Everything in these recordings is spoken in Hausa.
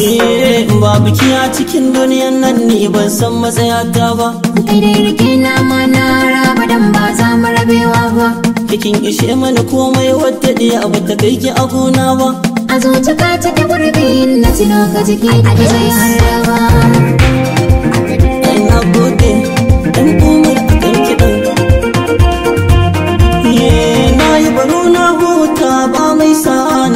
Eh, Babu kiya cikin duniyan nan ne ban san ta ba. Kai dai rike na mana raba dan ba za mu rabewa ba. Kikin ishe mani komai wadda ɗaya abu ta kai ki a gona ba. A zuci ka ta gurbi na tilo ka jiki da zai haraba.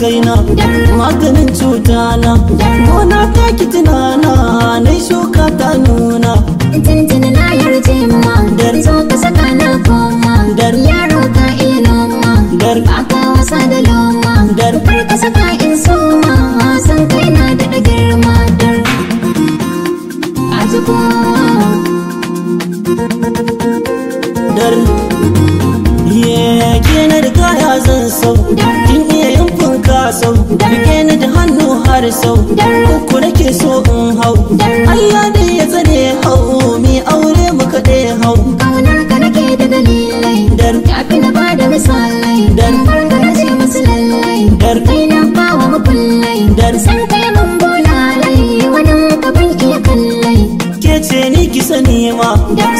kaina maganin cuta na gona ta tunana na shuka ta nuna tuntun na yarje ma zo ka saka na koma yaro ka ino ma wasa da loma kar ka saka in soma san kai na da girma dar a dar yeah da kaya zan sau rike ni da hannu har sau uku nake so in hau Allah da ya tsare hau mi aure mu kaɗe hau kauna ka nake da dalilai dar tafi na ba misalai dar farka na ce musu lallai dar kai na ba makullai dar san kai mun bulalai wani ka ban iya kallai ke ce ni ki sani ma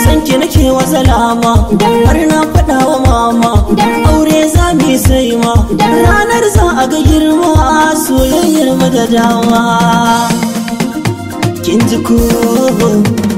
san ki nake wa zalama har na faɗawa wa mama ni sai ma da ranar za a ga girma soyayyar mu da dama kin ji ko